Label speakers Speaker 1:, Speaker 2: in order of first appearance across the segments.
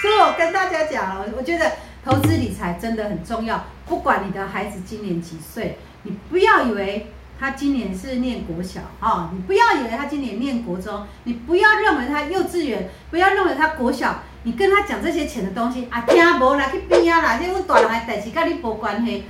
Speaker 1: 所以我跟大家講哦，我覺得投資理財真的很重要。不管你的孩子今年幾歲，你不要以為他今年是念國小哦，你不要以為他今年念國中，你不要認為他幼稚園，不要認為他國小，你跟他講這些錢的東西，啊，聽無啦，去邊啊啦，這阮大人誒，代志甲你無關係。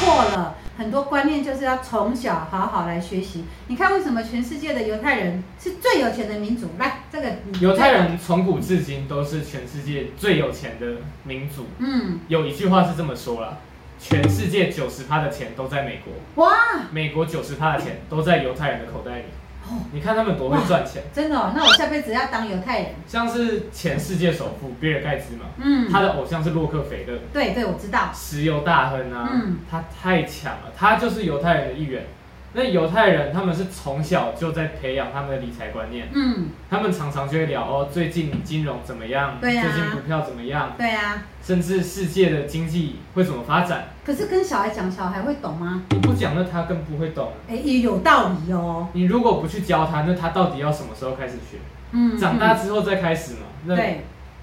Speaker 1: 破了很多觀念，就是要從小好好來學習。你看，為什麼全世界的猶太人是最有錢的民族？來，這個猶太人
Speaker 2: 從古至今都是全世界最有錢的民族。嗯，有一句話是這麼說啦：全世界九十趴的錢都在美國。哇！美國九十趴的錢都在猶太人的口袋裡。哦，你看他們多會賺錢，
Speaker 1: 真的哦。那我下輩子要當猶太人，像是
Speaker 2: 前世界首富比爾蓋茨嘛，嗯，他的偶像是洛克菲勒，
Speaker 1: 對對，我知道，
Speaker 2: 石油大亨啊，嗯，他太強了，他就是猶太人的一員。那猶太人他們是從小就在培養他們的理財觀念，嗯，他們常常就會聊哦，最近金融怎麼樣？對啊、最近股票怎麼樣？對呀、啊。甚至世界的經濟會怎麼發展？
Speaker 1: 可是跟小孩講，小孩會懂嗎？
Speaker 2: 你不講，那他更不會懂。哎、
Speaker 1: 欸，也有道理
Speaker 2: 哦。你如果不去教他，那他到底要什麼時候開始學？嗯。長大之後再開始嘛？嗯、那對。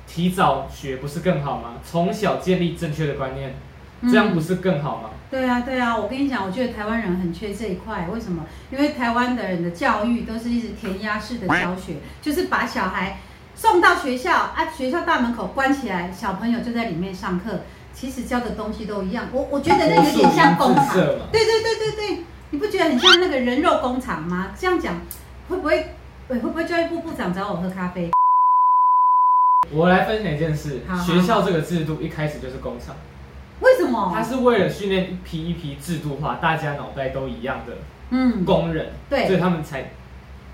Speaker 2: 提早學不是更好嗎？從小建立正確的觀念。這樣不是更好嗎？嗯，對
Speaker 1: 啊，對啊，我跟你講，我覺得台灣人很缺這一塊。為什麼？因為台灣的人的教育都是一直填鴨式的教學，就是把小孩送到學校啊，學校大門口關起來，小朋友就在裡面上課。其實教的東西都一樣，我我覺得那有點像工廠。對對對對對，你不覺得很像那個人肉工廠嗎？這樣講會不會？會不會教育部部長找我喝咖啡？
Speaker 2: 我來分享一件事，好好好。學校這個制度一開始就是工廠。它是為了訓練一批一批制度化、大家腦袋都一樣的嗯工人。嗯，對，所以他們才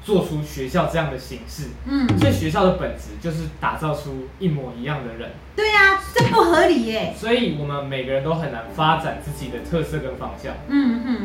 Speaker 2: 做出學校這樣的形式，嗯，所以學校的本質就是打造出一模一樣的人，
Speaker 1: 對啊，這不合理耶，
Speaker 2: 所以我們每個人都很難發展自己的特色跟方向，嗯，
Speaker 1: 嗯